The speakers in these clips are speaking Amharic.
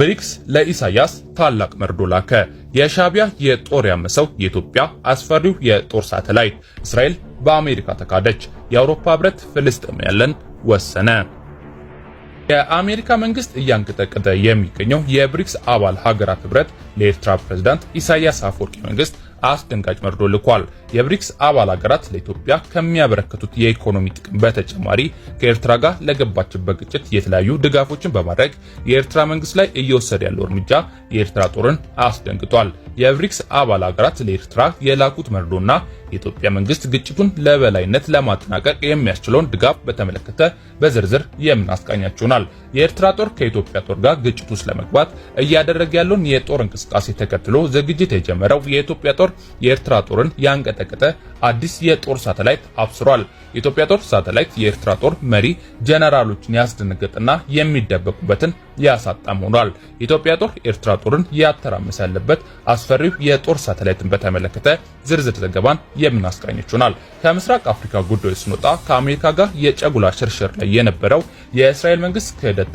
ብሪክስ ለኢሳያስ ታላቅ መርዶ ላከ። የሻቢያ የጦር ያመሰው የኢትዮጵያ አስፈሪው የጦር ሳተላይት እስራኤል በአሜሪካ ተካደች። የአውሮፓ ህብረት ፍልስጤም ያለን ወሰነ። የአሜሪካ መንግስት እያንቀጠቀጠ የሚገኘው የብሪክስ አባል ሀገራት ህብረት ለኤርትራ ፕሬዝዳንት ኢሳያስ አፈወርቂ መንግስት አስደንጋጭ መርዶ ልኳል። የብሪክስ አባል ሀገራት ለኢትዮጵያ ከሚያበረክቱት የኢኮኖሚ ጥቅም በተጨማሪ ከኤርትራ ጋር ለገባችበት ግጭት የተለያዩ ድጋፎችን በማድረግ የኤርትራ መንግስት ላይ እየወሰደ ያለው እርምጃ የኤርትራ ጦርን አስደንግጧል። የብሪክስ አባል ሀገራት ለኤርትራ የላኩት መርዶና የኢትዮጵያ መንግስት ግጭቱን ለበላይነት ለማጠናቀቅ የሚያስችለውን ድጋፍ በተመለከተ በዝርዝር የምናስቃኛችሁ የኤርትራ ጦር ከኢትዮጵያ ጦር ጋር ግጭት ውስጥ ለመግባት እያደረገ ያለውን የጦር እንቅስቃሴ ተከትሎ ዝግጅት የጀመረው የኢትዮጵያ ጦር የኤርትራ ጦርን ያንቀጠ ያልተቀጠቀጠ አዲስ የጦር ሳተላይት አብስሯል። የኢትዮጵያ ጦር ሳተላይት የኤርትራ ጦር መሪ ጀነራሎችን ያስደነገጠና የሚደበቁበትን ያሳጣም ሆኗል። የኢትዮጵያ ጦር ኤርትራ ጦርን ያተራመሰ ያለበት አስፈሪው የጦር ሳተላይትን በተመለከተ ዝርዝር ዘገባን የምናስቃኘች ይሆናል። ከምስራቅ አፍሪካ ጉዳዮች ስንወጣ ከአሜሪካ ጋር የጨጉላ ሽርሽር ላይ የነበረው የእስራኤል መንግስት ክህደት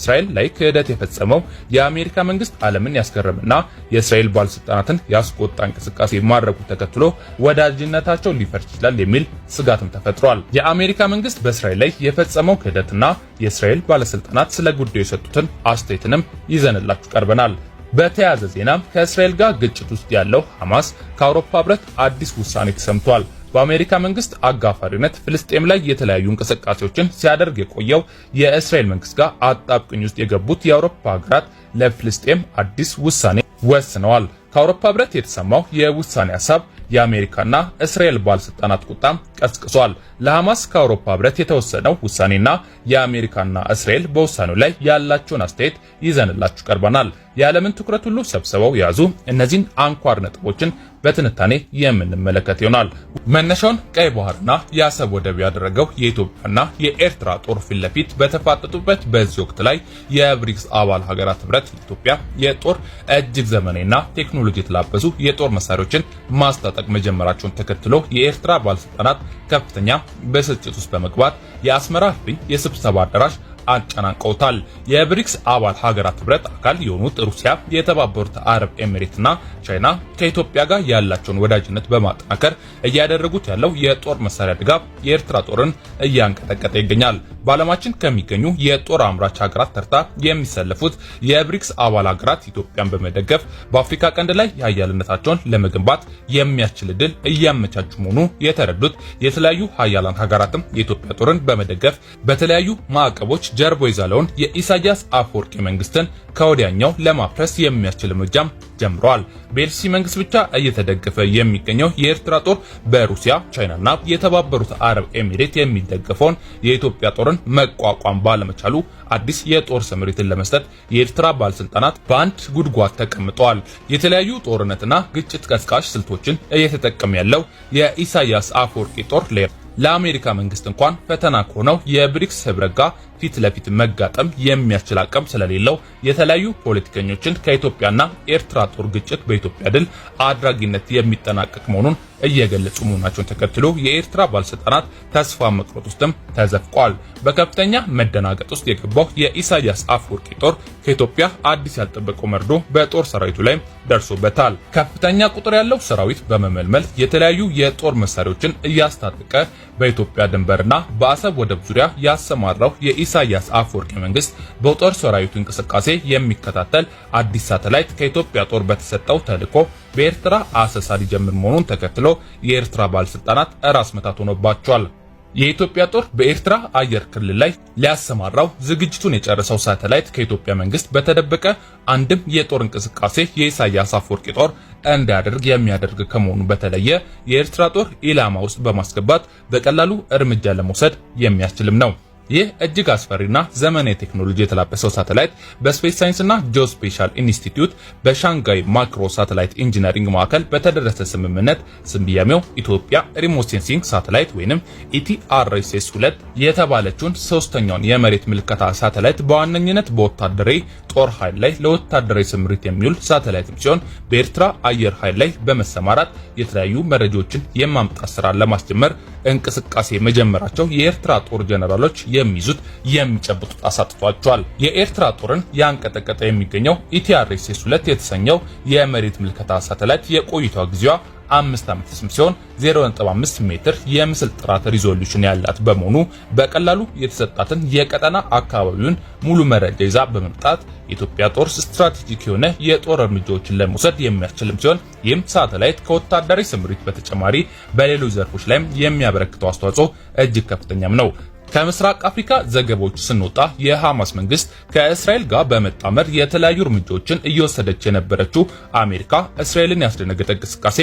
እስራኤል ላይ ክህደት የፈጸመው የአሜሪካ መንግስት ዓለምን ያስገረምና የእስራኤል ባለስልጣናትን ያስቆጣ እንቅስቃሴ ማድረጉ ተከትሎ ወዳጅነታቸው ሊፈርስ ይችላል የሚል ስጋትም ተፈጥሯል። የአሜሪካ መንግስት በእስራኤል ላይ የፈጸመው ክህደትና የእስራኤል ባለስልጣናት ስለ ጉዳዩ የሰጡትን አስተያየትንም ይዘንላችሁ ቀርበናል። በተያያዘ ዜና ከእስራኤል ጋር ግጭት ውስጥ ያለው ሐማስ ከአውሮፓ ህብረት አዲስ ውሳኔ ተሰምቷል። በአሜሪካ መንግስት አጋፋሪነት ፍልስጤም ላይ የተለያዩ እንቅስቃሴዎችን ሲያደርግ የቆየው የእስራኤል መንግስት ጋር አጣብቅኝ ውስጥ የገቡት የአውሮፓ ሀገራት ለፍልስጤም አዲስ ውሳኔ ወስነዋል። ከአውሮፓ ህብረት የተሰማው የውሳኔ ሀሳብ የአሜሪካና እስራኤል ባለስልጣናት ቁጣም ቀስቅሷል። ለሐማስ ከአውሮፓ ህብረት የተወሰነው ውሳኔና የአሜሪካና እስራኤል በውሳኔው ላይ ያላቸውን አስተያየት ይዘንላችሁ ቀርበናል። የዓለምን ትኩረት ሁሉ ሰብስበው የያዙ እነዚህን አንኳር ነጥቦችን በትንታኔ የምንመለከት ይሆናል። መነሻውን ቀይ ባህርና የአሰብ ወደብ ያደረገው የኢትዮጵያና የኤርትራ ጦር ፊት ለፊት በተፋጠጡበት በዚህ ወቅት ላይ የብሪክስ አባል ሀገራት ህብረት ኢትዮጵያ የጦር እጅግ ዘመናዊና ቴክኖሎጂ የተላበሱ የጦር መሳሪያዎችን ማስታጠቅ መጀመራቸውን ተከትሎ የኤርትራ ባለስልጣናት ከፍተኛ ብስጭት ውስጥ በመግባት የአስመራ ህብኝ የስብሰባ አዳራሽ አጨናንቀውታል። የብሪክስ አባል ሀገራት ህብረት አካል የሆኑት ሩሲያ፣ የተባበሩት አረብ ኤሚሬትና ቻይና ከኢትዮጵያ ጋር ያላቸውን ወዳጅነት በማጠናከር እያደረጉት ያለው የጦር መሳሪያ ድጋፍ የኤርትራ ጦርን እያንቀጠቀጠ ይገኛል። በዓለማችን ከሚገኙ የጦር አምራች ሀገራት ተርታ የሚሰለፉት የብሪክስ አባል ሀገራት ኢትዮጵያን በመደገፍ በአፍሪካ ቀንድ ላይ የሀያልነታቸውን ለመገንባት የሚያስችል እድል እያመቻቹ መሆኑ የተረዱት የተለያዩ ሀያላን ሀገራትም የኢትዮጵያ ጦርን በመደገፍ በተለያዩ ማዕቀቦች ጀርቦ የዛለውን የኢሳያስ አፈወርቂ መንግስትን ከወዲያኛው ለማፍረስ የሚያስችል እርምጃም ጀምሯል። በኤልሲ መንግስት ብቻ እየተደገፈ የሚገኘው የኤርትራ ጦር በሩሲያ ቻይናና የተባበሩት አረብ ኤሚሬት የሚደገፈውን የኢትዮጵያ ጦርን መቋቋም ባለመቻሉ አዲስ የጦር ስምሪትን ለመስጠት የኤርትራ ባለስልጣናት በአንድ ጉድጓድ ተቀምጠዋል። የተለያዩ ጦርነትና ግጭት ቀስቃሽ ስልቶችን እየተጠቀመ ያለው የኢሳያስ አፈወርቂ ጦር ለአሜሪካ መንግስት እንኳን ፈተና ከሆነው የብሪክስ ህብረት ጋር ፊት ለፊት መጋጠም የሚያስችል አቅም ስለሌለው የተለያዩ ፖለቲከኞችን ከኢትዮጵያና ኤርትራ ጦር ግጭት በኢትዮጵያ ድል አድራጊነት የሚጠናቀቅ መሆኑን እየገለጹ መሆናቸውን ተከትሎ የኤርትራ ባለስልጣናት ተስፋ መቁረጥ ውስጥም ተዘፍቋል። በከፍተኛ መደናገጥ ውስጥ የገባው የኢሳያስ አፈወርቂ ጦር ከኢትዮጵያ አዲስ ያልጠበቀው መርዶ በጦር ሰራዊቱ ላይ ደርሶበታል። ከፍተኛ ቁጥር ያለው ሰራዊት በመመልመል የተለያዩ የጦር መሳሪያዎችን እያስታጠቀ በኢትዮጵያ ድንበርና በአሰብ ወደብ ዙሪያ ያሰማራው የኢሳያስ አፈወርቂ መንግስት በጦር ሰራዊቱ እንቅስቃሴ የሚከታተል አዲስ ሳተላይት ከኢትዮጵያ ጦር በተሰጠው ተልዕኮ በኤርትራ አሰሳ ሊጀምር መሆኑን ተከትሎ የኤርትራ ባለስልጣናት ራስ መታት ሆኖባቸዋል። የኢትዮጵያ ጦር በኤርትራ አየር ክልል ላይ ሊያሰማራው ዝግጅቱን የጨረሰው ሳተላይት ከኢትዮጵያ መንግስት በተደበቀ አንድም የጦር እንቅስቃሴ የኢሳያስ አፈወርቂ ጦር እንዲያደርግ የሚያደርግ ከመሆኑ በተለየ የኤርትራ ጦር ኢላማ ውስጥ በማስገባት በቀላሉ እርምጃ ለመውሰድ የሚያስችልም ነው። ይህ እጅግ አስፈሪና ዘመናዊ ቴክኖሎጂ የተላበሰው ሳተላይት በስፔስ ሳይንስና ጂኦስፔሻል ኢንስቲትዩት በሻንጋይ ማክሮ ሳተላይት ኢንጂነሪንግ ማዕከል በተደረሰ ስምምነት ስያሜው ኢትዮጵያ ሪሞት ሴንሲንግ ሳተላይት ወይንም ኢቲአርኤስኤስ 2 የተባለችውን ሶስተኛውን የመሬት ምልከታ ሳተላይት በዋነኝነት በወታደራዊ ጦር ኃይል ላይ ለወታደራዊ ስምሪት የሚውል ሳተላይትም ሲሆን በኤርትራ አየር ኃይል ላይ በመሰማራት የተለያዩ መረጃዎችን የማምጣት ስራ ለማስጀመር እንቅስቃሴ መጀመራቸው የኤርትራ ጦር ጀነራሎች የሚይዙት የሚጨብጡት አሳጥቷቸዋል። የኤርትራ ጦርን ያንቀጠቀጠ የሚገኘው ኢቲአርኤስኤስ 2 የተሰኘው የመሬት ምልከታ ሳተላይት የቆይቷ ጊዜዋ አምስት ዓመት ስም ሲሆን 0.5 ሜትር የምስል ጥራት ሪዞሉሽን ያላት በመሆኑ በቀላሉ የተሰጣትን የቀጠና አካባቢውን ሙሉ መረጃ ይዛ በመምጣት የኢትዮጵያ ጦር ስትራቴጂክ የሆነ የጦር እርምጃዎችን ለመውሰድ የሚያስችልም ሲሆን ይህም ሳተላይት ከወታደራዊ ስምሪት በተጨማሪ በሌሎች ዘርፎች ላይም የሚያበረክተው አስተዋጽኦ እጅግ ከፍተኛም ነው። ከምስራቅ አፍሪካ ዘገባዎች ስንወጣ የሐማስ መንግስት ከእስራኤል ጋር በመጣመር የተለያዩ እርምጃዎችን እየወሰደች የነበረችው አሜሪካ እስራኤልን ያስደነገጠ እንቅስቃሴ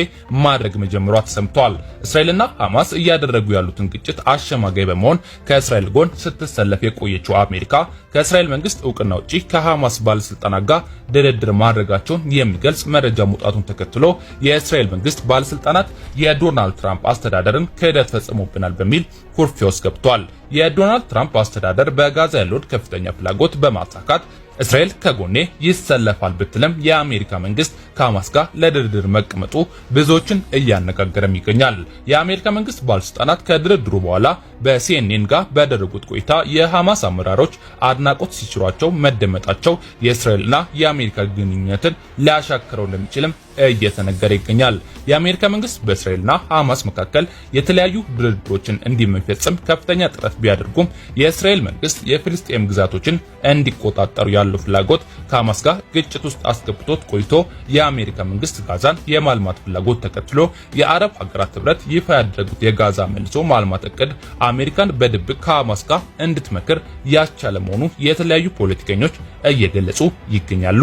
ማድረግ መጀመሯ ተሰምቷል። እስራኤልና ሐማስ እያደረጉ ያሉትን ግጭት አሸማጋይ በመሆን ከእስራኤል ጎን ስትሰለፍ የቆየችው አሜሪካ ከእስራኤል መንግስት እውቅና ውጪ ከሐማስ ባለስልጣናት ጋር ድርድር ማድረጋቸውን የሚገልጽ መረጃ መውጣቱን ተከትሎ የእስራኤል መንግስት ባለስልጣናት የዶናልድ ትራምፕ አስተዳደርን ክህደት ፈጽሞብናል በሚል ኩርፊያ ውስጥ ገብቷል። የዶናልድ ትራምፕ አስተዳደር በጋዛ ያለውን ከፍተኛ ፍላጎት በማሳካት እስራኤል ከጎኔ ይሰለፋል ብትልም የአሜሪካ መንግስት ከሐማስ ጋር ለድርድር መቀመጡ ብዙዎችን እያነጋገረም ይገኛል። የአሜሪካ መንግስት ባለስልጣናት ከድርድሩ በኋላ በሲኤንኤን ጋር በደረጉት ቆይታ የሐማስ አመራሮች አድናቆት ሲችሯቸው መደመጣቸው የእስራኤልና የአሜሪካ ግንኙነትን ሊያሻክረው እንደሚችልም እየተነገረ ይገኛል። የአሜሪካ መንግስት በእስራኤልና ሐማስ መካከል የተለያዩ ድርድሮችን እንደሚፈጽም ከፍተኛ ጥረት ቢያደርጉም የእስራኤል መንግስት የፍልስጤም ግዛቶችን እንዲቆጣጠሩ ያለው ፍላጎት ከሐማስ ጋር ግጭት ውስጥ አስገብቶት ቆይቶ የአሜሪካ መንግስት ጋዛን የማልማት ፍላጎት ተከትሎ የአረብ ሀገራት ህብረት ይፋ ያደረጉት የጋዛ መልሶ ማልማት እቅድ አሜሪካን በድብቅ ከሐማስ ጋር እንድትመክር ያስቻለ መሆኑ የተለያዩ ፖለቲከኞች እየገለጹ ይገኛሉ።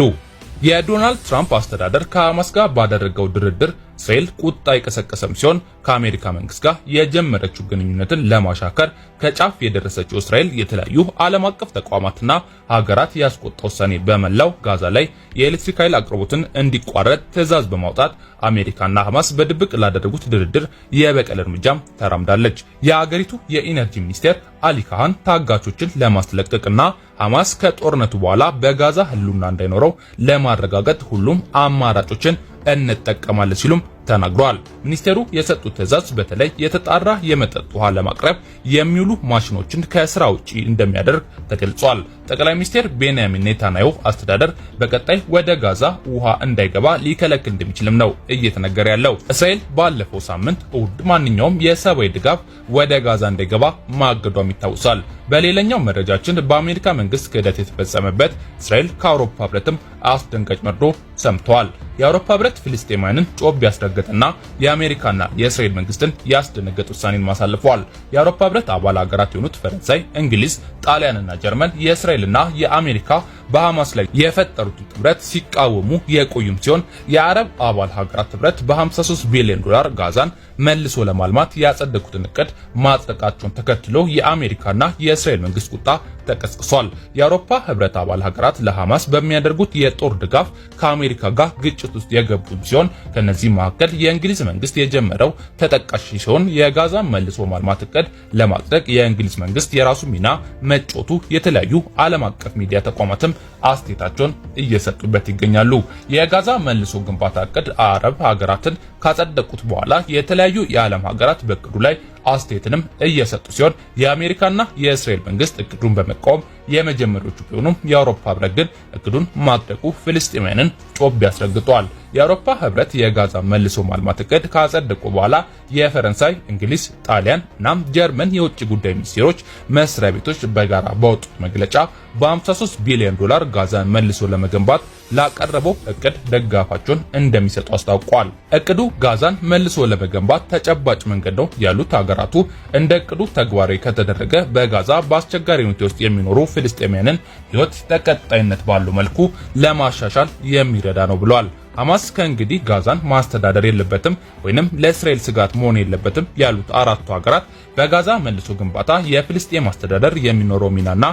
የዶናልድ ትራምፕ አስተዳደር ከሐማስ ጋር ባደረገው ድርድር እስራኤል ቁጣ የቀሰቀሰም ሲሆን ከአሜሪካ መንግስት ጋር የጀመረችው ግንኙነትን ለማሻከር ከጫፍ የደረሰችው እስራኤል የተለያዩ ዓለም አቀፍ ተቋማትና ሀገራት ያስቆጣ ውሳኔ በመላው ጋዛ ላይ የኤሌክትሪክ ኃይል አቅርቦትን እንዲቋረጥ ትዕዛዝ በማውጣት አሜሪካና ሐማስ በድብቅ ላደረጉት ድርድር የበቀል እርምጃም ተራምዳለች። የአገሪቱ የኢነርጂ ሚኒስቴር አሊ ካህን ታጋቾችን ለማስለቀቅና ሐማስ ከጦርነቱ በኋላ በጋዛ ህልውና እንዳይኖረው ለማረጋገጥ ሁሉም አማራጮችን እንጠቀማለን ሲሉም ተናግረዋል። ሚኒስቴሩ የሰጡት ትዕዛዝ በተለይ የተጣራ የመጠጥ ውሃ ለማቅረብ የሚውሉ ማሽኖችን ከስራ ውጪ እንደሚያደርግ ተገልጿል። ጠቅላይ ሚኒስትር ቤንያሚን ኔታንያሁ አስተዳደር በቀጣይ ወደ ጋዛ ውሃ እንዳይገባ ሊከለክል እንደሚችልም ነው እየተነገረ ያለው። እስራኤል ባለፈው ሳምንት እሁድ ማንኛውም የሰብአዊ ድጋፍ ወደ ጋዛ እንዳይገባ ማገዷም ይታወሳል። በሌላኛው መረጃችን በአሜሪካ መንግስት ክህደት የተፈጸመበት እስራኤል ከአውሮፓ ህብረትም አስደንጋጭ መርዶ ሰምተዋል። የአውሮፓ ህብረት ሁለት ፊልስጤማውያንን ጮብ ያስደገጠና የአሜሪካና የእስራኤል መንግስትን ያስደነገጠ ውሳኔን ማሳልፏል። የአውሮፓ ህብረት አባል ሀገራት የሆኑት ፈረንሳይ፣ እንግሊዝ፣ ጣሊያንና ጀርመን የእስራኤልና የአሜሪካ በሐማስ ላይ የፈጠሩትን ጥምረት ሲቃወሙ የቆዩም ሲሆን የአረብ አባል ሀገራት ህብረት በ53 ቢሊዮን ዶላር ጋዛን መልሶ ለማልማት ያጸደቁትን እቅድ ማጽደቃቸውን ተከትሎ የአሜሪካና የእስራኤል መንግስት ቁጣ ተቀስቅሷል። የአውሮፓ ህብረት አባል ሀገራት ለሐማስ በሚያደርጉት የጦር ድጋፍ ከአሜሪካ ጋር ግጭት ውስጥ የገቡም ሲሆን ከነዚህ መካከል የእንግሊዝ መንግስት የጀመረው ተጠቃሽ ሲሆን የጋዛን መልሶ ማልማት እቅድ ለማጽደቅ የእንግሊዝ መንግስት የራሱ ሚና መጮቱ የተለያዩ ዓለም አቀፍ ሚዲያ ተቋማትም አስቴታቸውን እየሰጡበት ይገኛሉ። የጋዛ መልሶ ግንባታ እቅድ አረብ ሀገራትን ካጸደቁት በኋላ የተለያዩ የዓለም ሀገራት በእቅዱ ላይ አስተያየትንም እየሰጡ ሲሆን የአሜሪካና የእስራኤል መንግስት እቅዱን በመቃወም የመጀመሪያዎቹ ቢሆኑም የአውሮፓ ህብረት ግን እቅዱን ማጥደቁ ፍልስጤማውያንን ጮቤ ያስረግጠዋል። የአውሮፓ ህብረት የጋዛ መልሶ ማልማት እቅድ ካጸደቁ በኋላ የፈረንሳይ፣ እንግሊዝ፣ ጣሊያን እናም ጀርመን የውጭ ጉዳይ ሚኒስቴሮች መስሪያ ቤቶች በጋራ በወጡት መግለጫ በ53 ቢሊዮን ዶላር ጋዛን መልሶ ለመገንባት ላቀረበው እቅድ ደጋፋቸውን እንደሚሰጡ አስታውቋል። እቅዱ ጋዛን መልሶ ለመገንባት ተጨባጭ መንገድ ነው ያሉት ሀገራቱ እንደ እቅዱ ተግባራዊ ከተደረገ በጋዛ በአስቸጋሪ ሁኔታ ውስጥ የሚኖሩ ፍልስጤማውያንን ህይወት ተቀጣይነት ባለው መልኩ ለማሻሻል የሚረዳ ነው ብለዋል። ሐማስ ከእንግዲህ ጋዛን ማስተዳደር የለበትም ወይንም ለእስራኤል ስጋት መሆን የለበትም ያሉት አራቱ ሀገራት በጋዛ መልሶ ግንባታ የፍልስጤም አስተዳደር የሚኖረው ሚናና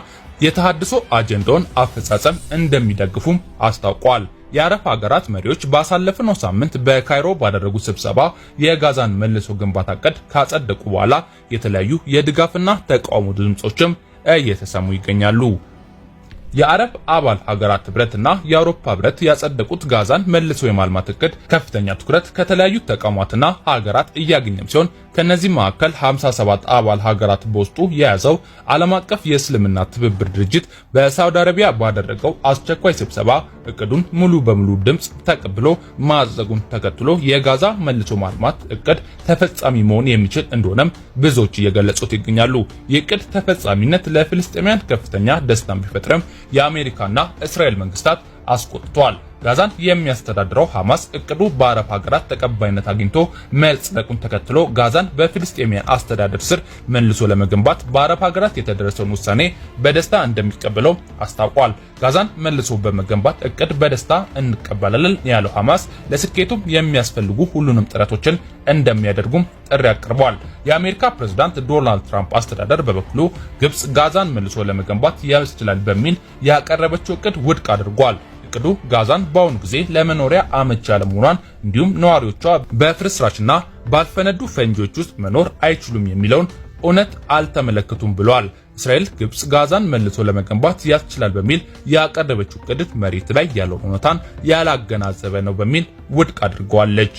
የተሃድሶ አጀንዳውን አፈጻጸም እንደሚደግፉም አስታውቋል። የአረብ ሀገራት መሪዎች ባሳለፍነው ሳምንት በካይሮ ባደረጉት ስብሰባ የጋዛን መልሶ ግንባታ እቅድ ካጸደቁ በኋላ የተለያዩ የድጋፍና ተቃውሞ ድምጾችም እየተሰሙ ይገኛሉ። የአረብ አባል ሀገራት ህብረትና የአውሮፓ ህብረት ያጸደቁት ጋዛን መልሶ የማልማት እቅድ ከፍተኛ ትኩረት ከተለያዩ ተቋማትና ሀገራት እያገኘም ሲሆን ከነዚህ መካከል 57 አባል ሀገራት በውስጡ የያዘው ዓለም አቀፍ የእስልምና ትብብር ድርጅት በሳውዲ አረቢያ ባደረገው አስቸኳይ ስብሰባ እቅዱን ሙሉ በሙሉ ድምፅ ተቀብሎ ማዘጉን ተከትሎ የጋዛ መልሶ ማልማት እቅድ ተፈጻሚ መሆን የሚችል እንደሆነም ብዙዎች እየገለጹት ይገኛሉ። የእቅድ ተፈጻሚነት ለፍልስጤማውያን ከፍተኛ ደስታን ቢፈጥረም የአሜሪካና እስራኤል መንግስታት አስቆጥቷል። ጋዛን የሚያስተዳድረው ሐማስ እቅዱ በአረብ ሀገራት ተቀባይነት አግኝቶ መጽደቁን ተከትሎ ጋዛን በፊልስጤሚያን አስተዳደር ስር መልሶ ለመገንባት በአረብ ሀገራት የተደረሰውን ውሳኔ በደስታ እንደሚቀበለው አስታውቋል። ጋዛን መልሶ በመገንባት እቅድ በደስታ እንቀበላለን ያለው ሐማስ ለስኬቱም የሚያስፈልጉ ሁሉንም ጥረቶችን እንደሚያደርጉም ጥሪ አቅርቧል። የአሜሪካ ፕሬዝዳንት ዶናልድ ትራምፕ አስተዳደር በበኩሉ ግብጽ ጋዛን መልሶ ለመገንባት ያስችላል በሚል ያቀረበችው እቅድ ውድቅ አድርጓል። እቅዱ ጋዛን በአሁኑ ጊዜ ለመኖሪያ አመቺ አለመሆኗን እንዲሁም ነዋሪዎቿ በፍርስራሽና ባልፈነዱ ፈንጂዎች ውስጥ መኖር አይችሉም የሚለውን እውነት አልተመለከቱም ብለዋል። እስራኤል ግብጽ ጋዛን መልሶ ለመገንባት ያስችላል በሚል ያቀረበችው ቅድት መሬት ላይ ያለውን እውነታን ያላገናዘበ ነው በሚል ውድቅ አድርገዋለች።